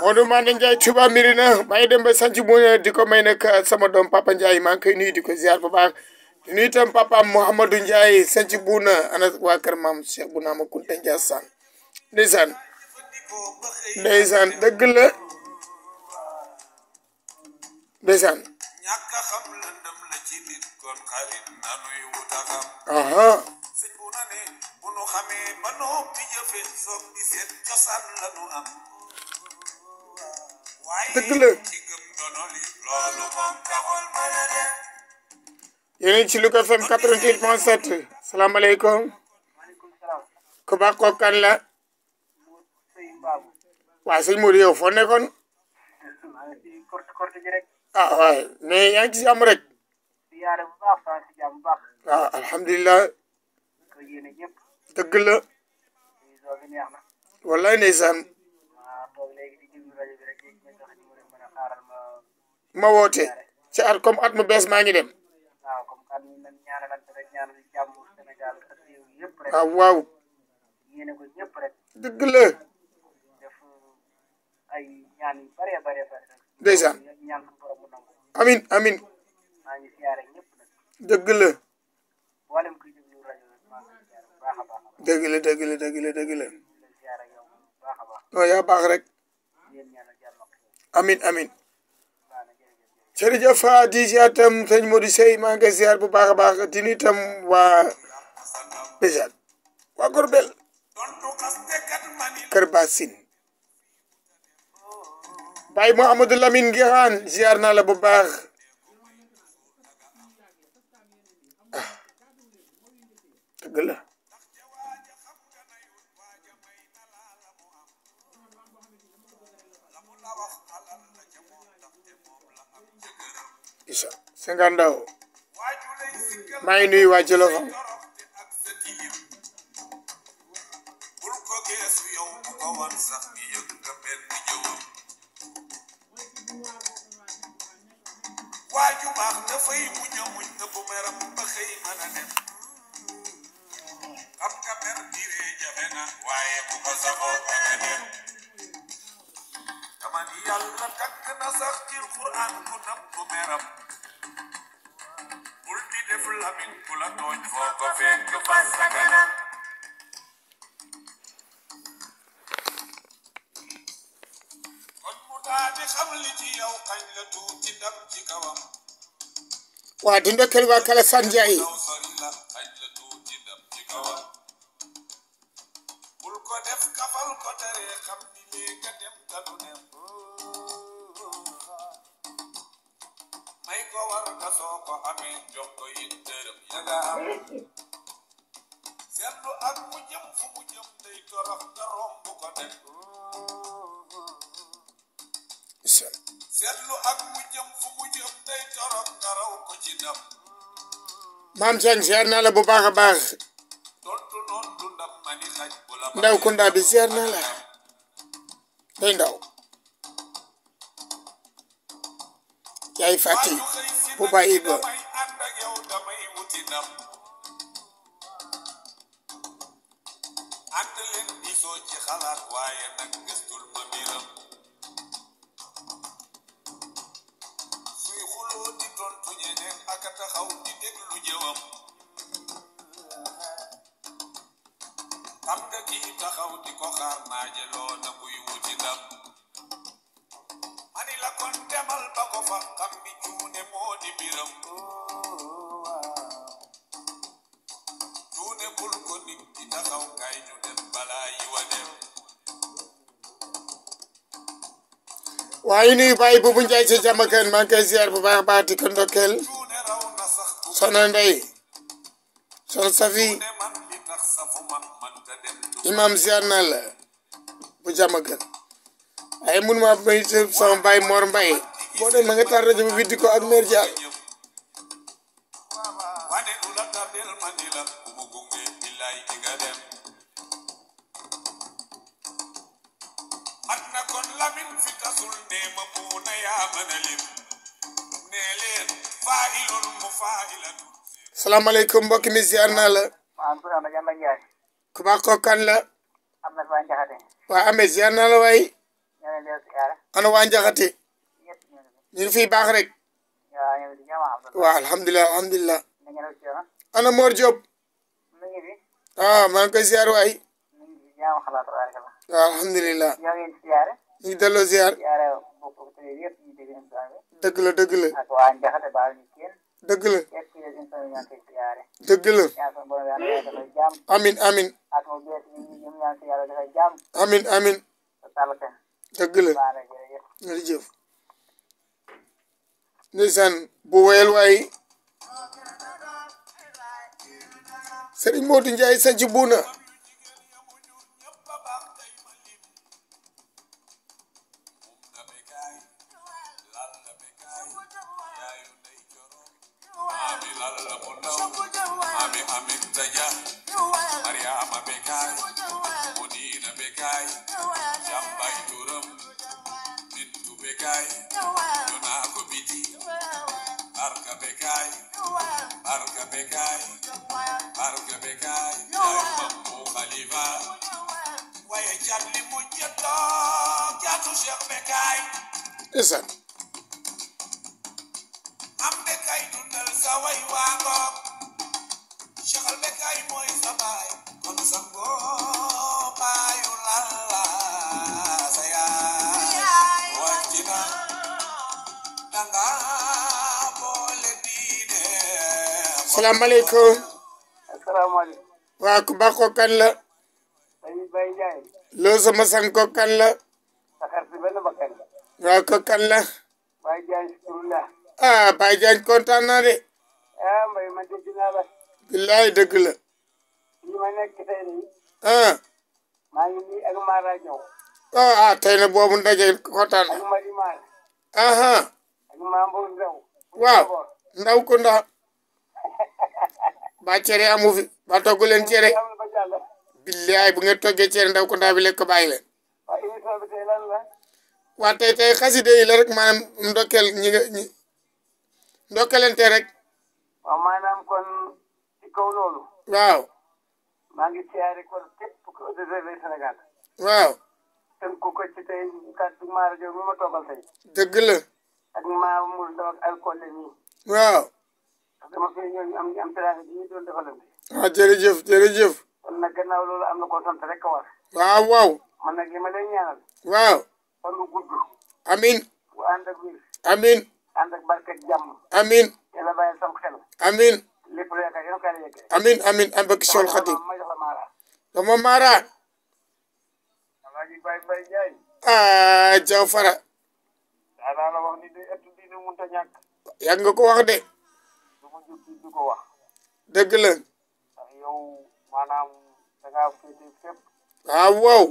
Modou Mande Ndiaye Touba Mirina maa ngi dem ba sanc mu may nag uh, sama doom papa Ndiaye maa ngi koy nuyu di ko ziar bu baax di nuyu itam ana waa kër maam na ne bu nu xamee ba noppi jëfe dëgg la yéen ci Louga FM 88.7 salaamaaleykum ku baax kooku kan la waaw sëñ Modou yow foo nekkoon ah waay mais yaa ngi rek waaw ah, alhamdulilah dëgg la wallaay ndeysaan ma woote ci at comme at mu bees maa ngi dem waaw waaw dëgg la ndeysaan amin amin dëgg la dëgg la dëgg la dëgg la dëgg la non yaa rek amin amin jërëjëf Adja itam sëñ Modou Seye maa ngi koy ziar bu baax a baax di nuyu itam waa Béjane waa Gorbel Kër Bassine Baye Mouhamadou Lamine Ngiraan ziar naa la bu baax ah dëgg la. Isa Singandao maa ngi nuyu waa Jolof Yàlla takk na sax ci Alxuraan ku nam ko meram Flamengo por latões, volta a ver que eu faço sacana. Wa dunda kalba kala sanjai. Pape Diagne ziar naa la bu baax a baax ndaw Kounda bi ziar naa la day ndaw yaay fàtti bu bàyyi ba ànd ak a taxaw di déglu jëwam xam nga kii taxaw di ko xaar naajeloo na kuy wuti ndam mani la kon demal ba ko fa xam bi juune moo di biram juune bul ko nit di taxaw kay ñu dem balaa yi wa dem waaye nuyu bàyyi bu bu njaay si jàmm maa ngi koy ziar bu baax baax di ko ndokkeel soxna Ndey soxna Safi imaam ziar naa la bu jàmm gën ay mun maa may sama boo dem ma nga taal rajo bi viddi ko ak mère salaamaaleykum mbokki mi ziar naa la. ku baax kooku kan la. waaw amee ziar naa la waay. ana waa Njaxate. ñu ngi baax rek. waaw alhamdulilah alhamdulilah. ana Mor Diop. ah maa ngi koy ziar waay. waaw alhamdulilah. ñu ngi delloo ziar. dëgg dëgg la amin amin amin amin dëgg la jërëjëf ndeysaan bu wayal waay Serigne Modou Ndiaye sanc buuna Listen. sa way waa ngoog Cheikh al Bekkay mooy sa baay kon sango baayu lalla sa yaay wàcc na danga boole ku baax ko kan la Baye Ndiaye loo sama sang ko kan la waa ko kan la Baye Ndiaye ah Baye Ndiaye kontaan naa de billaay dëgg la. li ma nekk tey ah. ah, ah, boobu ndaje kontaan na. ak Mari Mar. ah ah. ak Mambour Ndaw. waaw ndaw ko ndax. cere amu fi ba togg leen cere. bu ngeen toggee cere ndaw ko rek maanaam ndokkeel ñi ñi ndokkelante rek. Wow, mangi ngi siyaare amin. amin. amin. amin amin amin ambek sol khati dama mara ah jaw fara yaa nga ko wax de deug la ah wow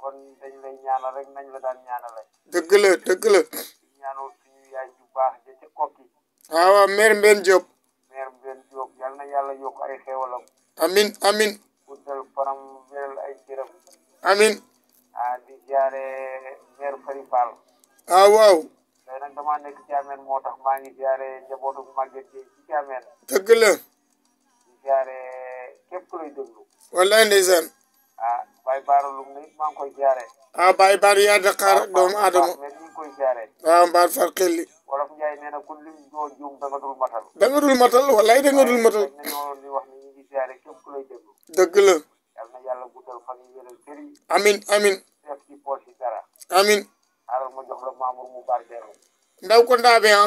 kon dañ lay ñaanal rek nañ la daan ñaanal rek la deug la ñaanal suñu yaay ju baax ja ah wa mer Diop yal na yàlla yokk ay xéewalam. amin amin guddal faram ay cëram. amin ah di jaare maire Fary Fall. ah waaw. tey nag moo tax maa ngi jaare njabootu Maguette Gueye ci Thiamène. dëgg la. di jaare képp ku lay déglu. wallaay ndeysaan. ah Baye Baara nit maa ngi jaare. ah Baye Baara yaa Dakar doomu aadama. waaw ah, Mbaar Farkelli. wolof Njaay nee na ku lim doo juum da nga dul matal. da nga dul matal wallaay da nga dul matal. di wax ni ñu ngi siyaare képp ku lay déglu. dëgg na yàlla guddal fan yi ndaw ko ndaabe ah.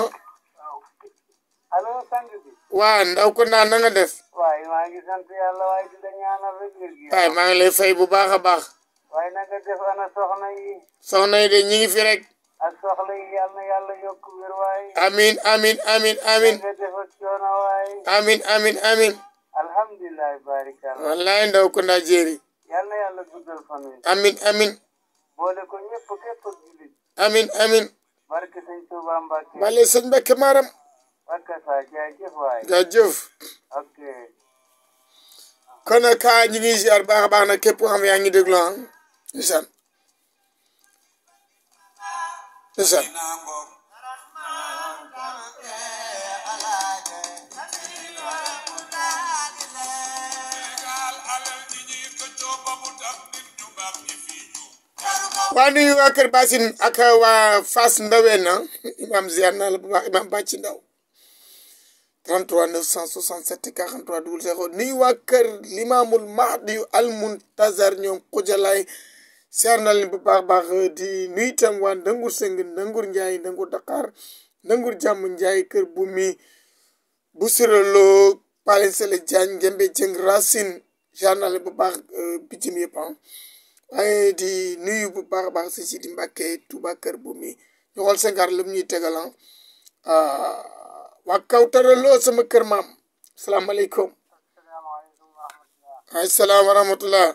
allo ndaw ko ndaa na nga def. waaye maa ngi sant yàlla waaye fay bu baax a baax. na soxna yi. de ñi fi rek. amin amin amin amin amin amin amin alhamdulilah barikalla wallahi ndaw yàlla yàlla guddal fan amin amin boole ko ñëpp képp julit amin amin bale sëñ Mbàkke maaram bakkasa jaajëf waay jaajëf ngi ziar baax a na képp xam yaa ngi déglu ah ndeysaan ndeysaan waa nuyu waa Kër Bassine ak waa Fass Ndaween na imaam ziar naa la bu baax imaam bàcci ndaw 33 967 43 00 nuyu waa kër limaamul mahdi yu almuntazar ñoom xujalaay ziar naa leen bu baax baax di nuyu itam waa Ndangur Sëng Ndangur Njaay Ndangur Dakar Ndangur Jàmm Njaay kër bu mi bu siraloo Palen Jëng Racine ziar naa leen bu baax euh, bitim ah. waaye di nuyu bu baax baax si si di Mbàkke Tuuba kër bu mi ñu xool sengaar lu ñuy tegalan ah. ah, waa Kawtara loo sama kër maam asalaamaaleykum ay salaam wa rahmatullah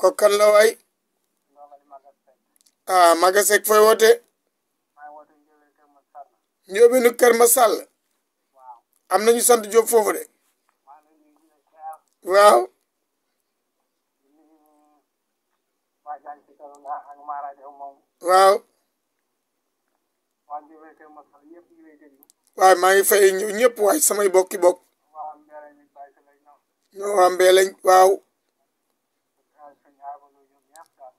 ko kan la waay ah Maga Seck fooy woote Njoobinu Kër Masall am nañu sant Jóob foofu Đúng không? Wow. Waaye maa ngi fay ñu ñëpp waaye samay bokki bokk. ñoo am beeleñ waaw.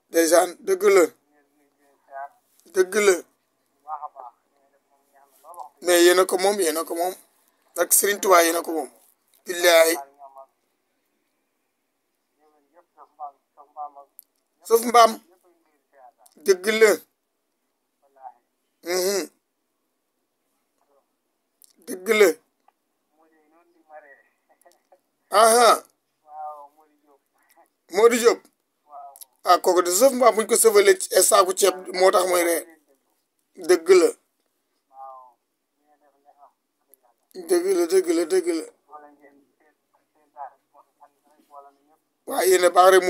Ndeysaan dëgg la. dëgg la. mais yéen a ko moom yéen a ko moom. ak Serigne Touba yéen a ko moom. billaahi. sëf mbaam dëgg la mhm. dëgg la aha Modou Diop ah kooku de sëf mbaam buñ ko sëfalee ci saaku ceeb moo tax mooy ree dëgg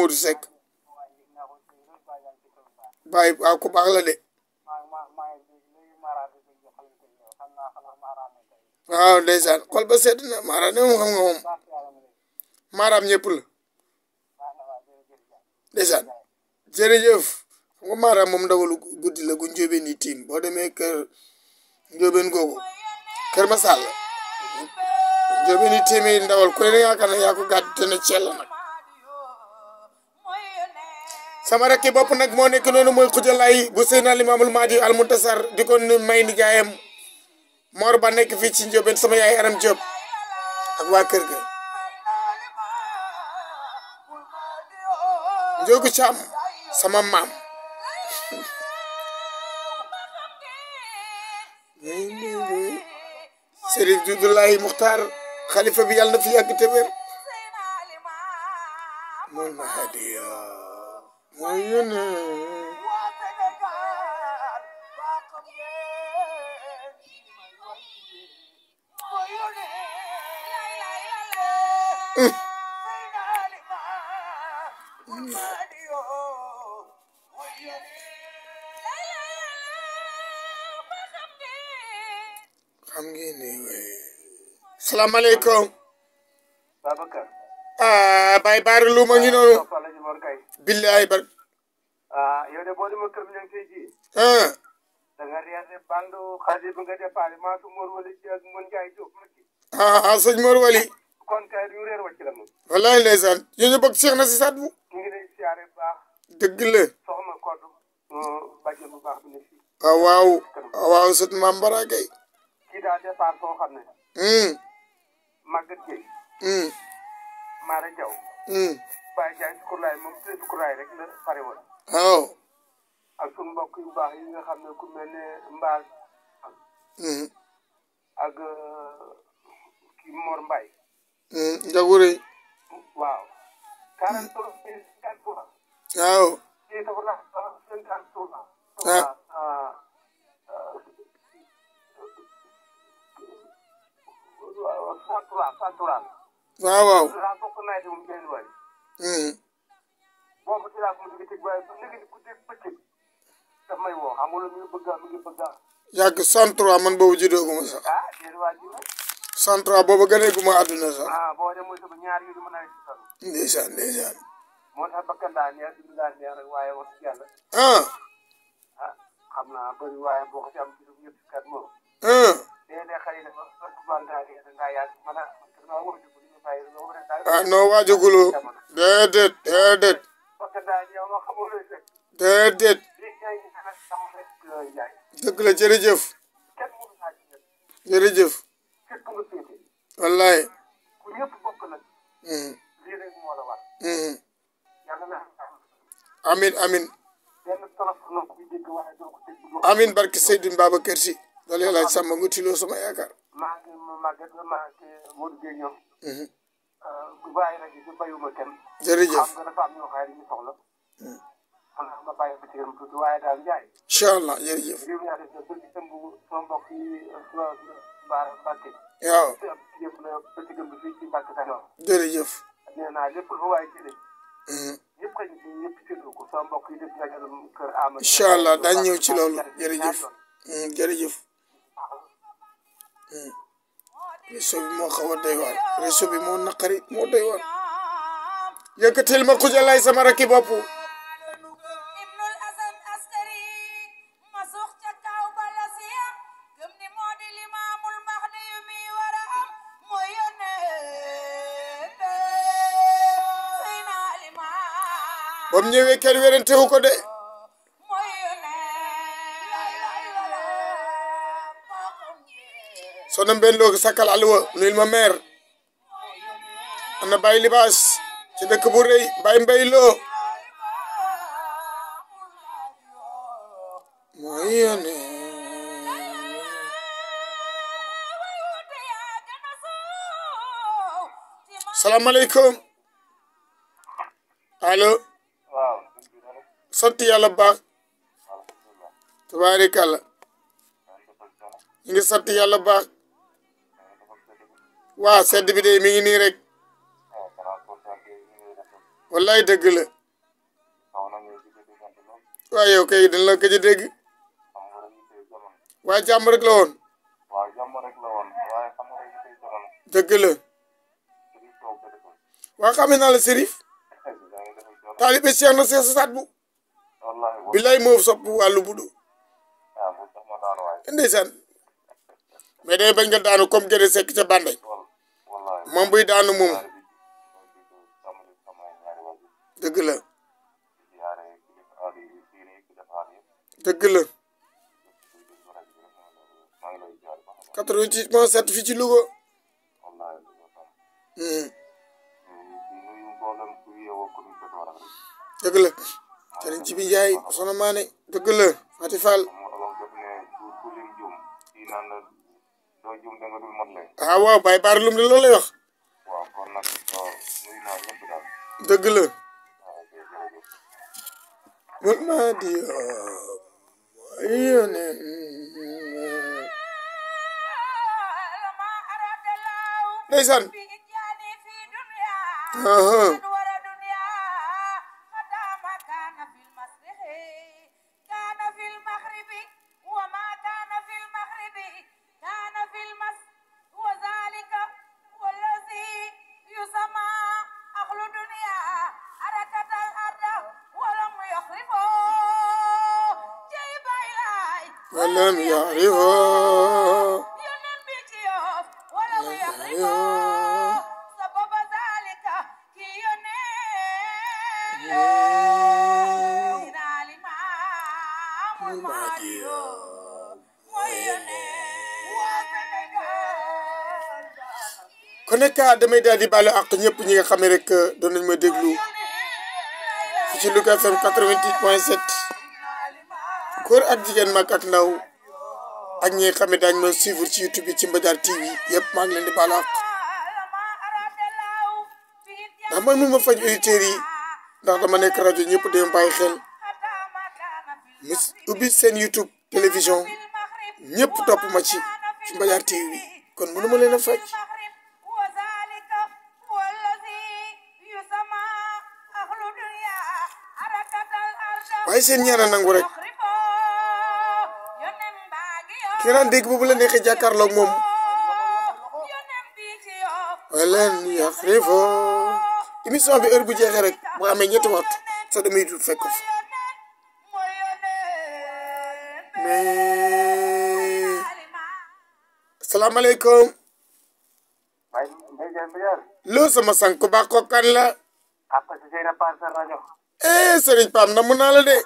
la baay waaw ku baax la de. waaw ndeysaan xol ba sedd na maaraam ne moom xam nga moom maaraam ñëpp moom ndawalu guddi la gu njóobeen yi tiim boo demee kër njóobeen googu kër ma sàll njóobeen yi tiim yi ndawal ku ne yaakaar sama rakki bopp nag moo nekk noonu mooy xujalay bu imam al Mahdi al Muntasar diko ko nu may nijaayam Mor ba nek fi ci njobene sama yaay Aram job ak wa keur ga jogu cham sama mam serif Dudullahi Muxtaar khalifa bi yàlla fi yàgg te mon mool ma وينهى xam ngeen ne salaamaaleykum ah billaay bar ah yow de boo demee kër bi si Saad bu baax dëgg la soxna Koddu bàjjen bu kay kii daa départ xam ne Baye Ndiaye Tukulay moom su Tukulay rek la pare woon. waaw. Oh. ak suñu mbokk yu baax yi nga xam ne ku mel ne Mbaal. Mm-hmm. ak uh, kii Mor Mbaye. Mm-hmm. Ndiagoure. waaw. 43 43. boobu ci laa ko mujj tëj waaye bu léegi bu a a. yàgg man boobu juddoo gu ma sax. ah déedéet waa ji ma. 103 boobu gënee gu ma àdduna sax. ah boo demee ñaar yu ma nawet si sax. ndeysaan ndeysaan. moo tax bakkan daa xam naa bëri waaye boo ko ah noo waajaguloo déedéet déedéet déedéet dëgg la jërëjëf jërëjëf wallaay hmm. Hmm. amin amin amin barke Seydine Babacar Si dal yàlla sàmm nga bu bàyyi rajo bi bayuma kenn. jërëjëf xam nga dafa mm. allah jërëjëf. yi yëpp la ci Mbacke Kajoor. jërëjëf. nee naa lépp lu mm-hmm. mbokk yi def nga jëlum kër Amady. incha allah daañu réseau bi moo xaw a doy waar réseau bi moo naqari moo doy waar yëkkatil ma xuja lay sama rakki bopp bam ñëwee kenn werantewu ko de so nambenloogi sakkal alluwa nuyul ma maire ana bàyyi libaas ci dëkk bu rëy bàyyi mbay loo mooy yone salaamaaleykum allo sant yàlla baax tabaarikàlla ñu ngi sant yàlla baax waa sedd bi de mi ngi nii rek wallaay dëgg la waaw yow a dégg waaye jàmm rek la woon dëgg waa xam naa la Serif taalibe na Cheikh Saad bu billaay moo sopp wàllu budu ndeysaan mais day bañ nga comme gëne sekk ca bànday moom buy daanu moom dëgg la dëgg la 86 point 7 fii ci Louga hmm. dëgg la Jibi Njaay Soxna Maane dëgg doo juum da nga dul mot lay. ah waaw Baye Baar Loum de loolu lay wax. waaw kon nag nuyu naa ñëpp daal. dëgg la. man maa di euh, yónnee euh, ndeysaan. cas damay daal di bàllu àq ñëpp ñi nga xam ne rek euh, doon nañ ma déglu fi ci Louga FM 88 point ak jigéen mag ak ndaw ak ñi nga xam ne daañu ma suivre ci YouTube bi ci Mbadiar TV yëpp maa ngi leen di bàllu àq man mu ma faj auditeurs yi ndax dama nekk rajo ñëpp dem bàyyi xel mu seen YouTube télévision ñëpp topp ma ci ci Mbadiar TV kon mënu leen a faj ay seen ñaara nangu rek kiraan dégg bu la neexee jàkkaarloog moom walan yaxrifo émission bi heure bu jeexee rek bu amee ñetti waxtu soo demee tuut fekk ko mais asalaamaaleykum loo sama sank ba eh Serigne Pape na mun naa la de.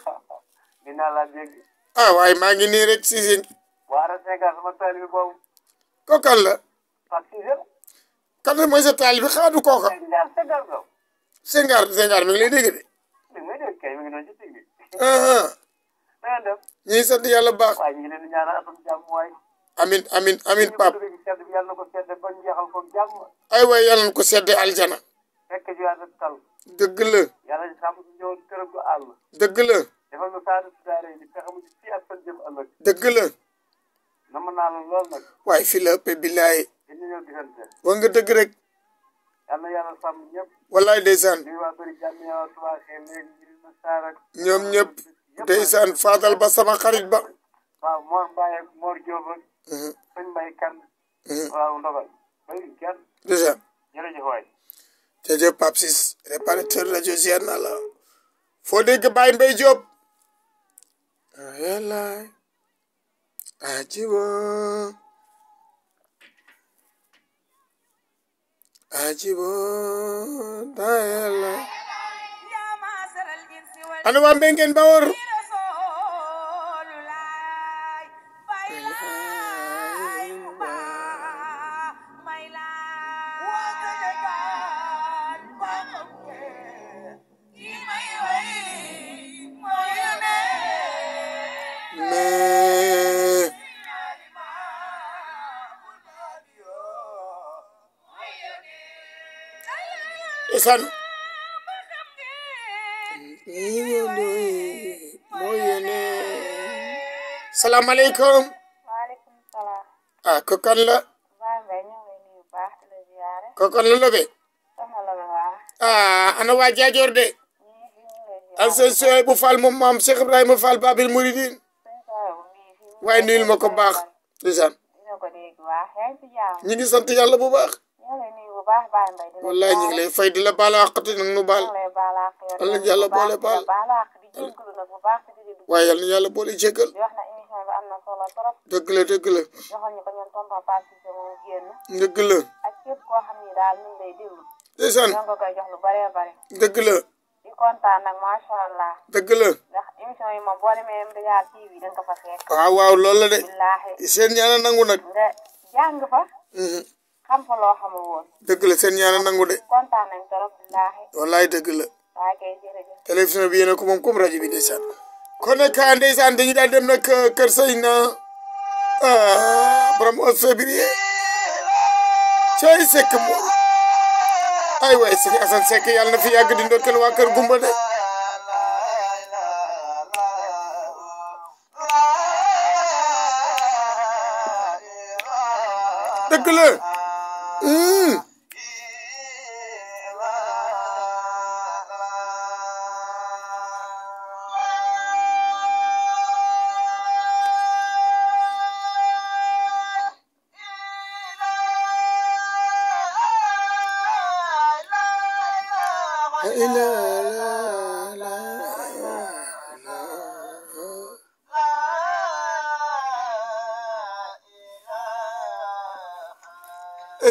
ah waaye maa ngi nii rek si si. waa la. Pape mooy sa taalibi xaatu kooka. Senghar Senghar mi ngi lay dégg de. mi ngi lay ah, ah. na nga def. ñu ngi sant yàlla bu baax. amin amin amin ay waay yàlla na ko sedd aljana. fekk ji ànd dëgg la. yàlla ñu sàmm na saa na ma naa la waaye fii la ëppee billaay. dañu ñëw gisante. wax nga dëgg rek. yàlla yàlla sàmm ñëpp. wallaay ndeysaan. ba sama xarit ba. waaw Mor Mbaye ak préparateur rajo gér na la foo dégg Baye Mbaye Diop yàllaay ajiwo ajiwo ndeysaan moo yéene salaamaaleykum waaleykum salaam ah ko kan la ko kan la lobe ah ana waa jaajoor de ak seen sooy bu Fall moom maam Cheikh Ibrahima Fall Babil Mouridine waaye nuyul ma baax ndeysaan ñu ngi sant yàlla bu baax baax baay mbay di la wallaay ñu ngi lay fay di la baal àq te nag nu baal yal nañu yàlla boole baal waaye la dëgg la dëgg la ndeysaan dëgg la kontaan nag macha allah. dëgg la. ndax émission yi moom boo demee Mbadiar TV da nga ko fa fekk. waaw ah, waaw loolu la de. billaahi seen ñaana nangu nag. nga jàng fa. Mhm. xam fa loo xamul dëgg la seen ñaana nangu de. kontaan nañ trop billaahi. wallaay dëgg la. waa kay bi yéen a ko moom comme rajo bi ndeysaan. kon ah, daal dem nag euh, kër sëñ na euh, borom os février. cay sekk mu ay waay sëñ Assane Seck yàlla na fi yàgg di ndokkal waa kër Gumba de. dëgg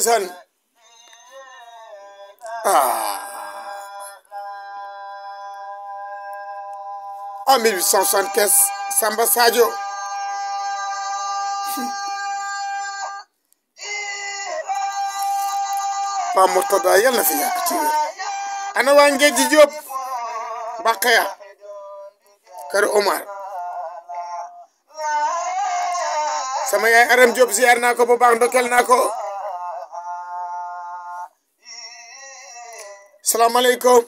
Hasan. Ah. En 1875, Samba Sadio. Pas Murtada yal la fi ana Diop. Bakaya. Kër Omar. sama yaay RM Job ziar nako bu baax ndokkal nako. salaamaaleykum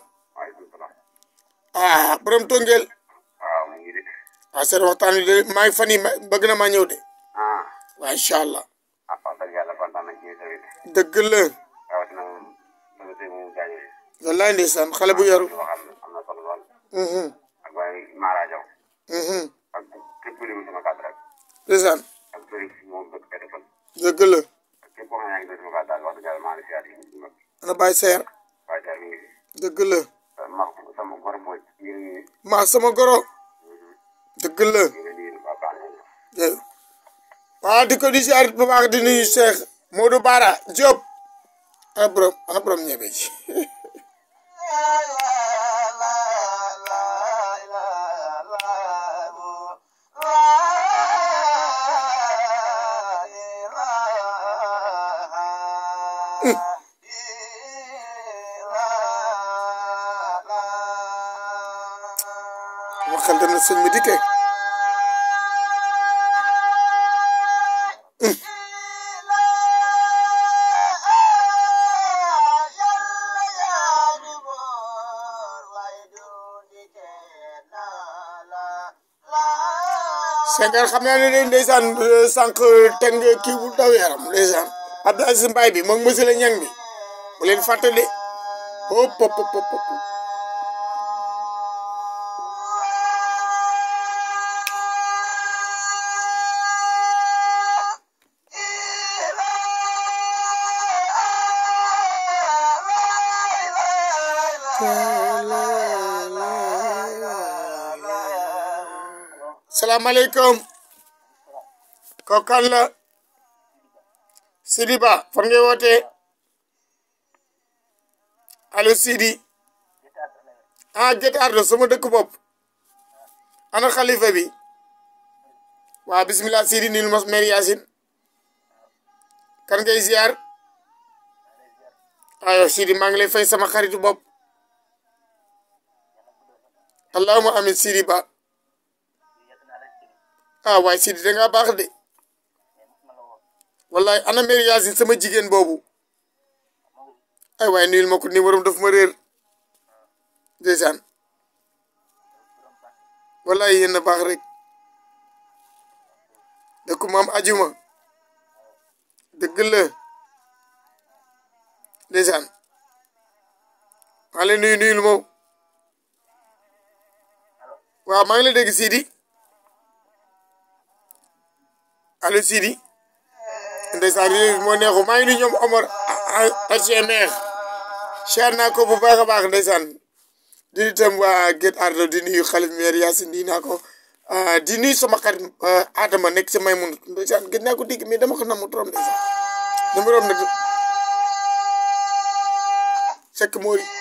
ah borom Tongel ah seen waxtaan wi de maa ngi fan yii bëgg na maa ñëw de waaw incha allah dëgg la wallaay ndeysaan xale bu yaru mhm. Mhm. ndeysaan dëgg la ana bàyyi seer dëgg la. maa sama goro. dëgg la. waaw eh. di ko di ziar bu baax di nuyu Cheikh Bara Diop. abrom abrom ñebe ji. la sëñ xam naa ne ndeysaan sànq teg kii bu daw yaram ndeysaan Abdou Aziz bi moom monsieur le ñang bi bu leen fàttali hop السلام عليكم كوكالا سيدي با فنجي واتي الو سيدي اه جيت اردو سما دك بوب انا خليفه بي وا بسم الله سيدي نيل مس مير ياسين كان جاي زيار ايو آه، سيدي مانغلي فاي سما خريتو بوب اللهم امين سيدي با ah waaye Sidi da ngaa baax de wallaay ana mère Yacine sama jigéen boobu ay waaye nuyul ma ko numéro daf ma réer ndeysaan wallaay yéen baax rek dëkku maam ajuma dëgg la ndeysaan maa ngi nuyu nuyul ma waaw maa ngi lay dégg allo Sidi ndeysaan réew mi moo neexu maa ngi nuyu ñoom Omar ah, ah, arce neex cher naa ko bu baax a baax di nuyu itam waa Guet Ardo di nuyu xalif meer Yacine di naa ko ah, di nuyu sama xarit Adama nekk ci Maymoun ndeysaan gën naa ko dégg mais dama ko namm trop ndeysaan dama rom nag fekk moori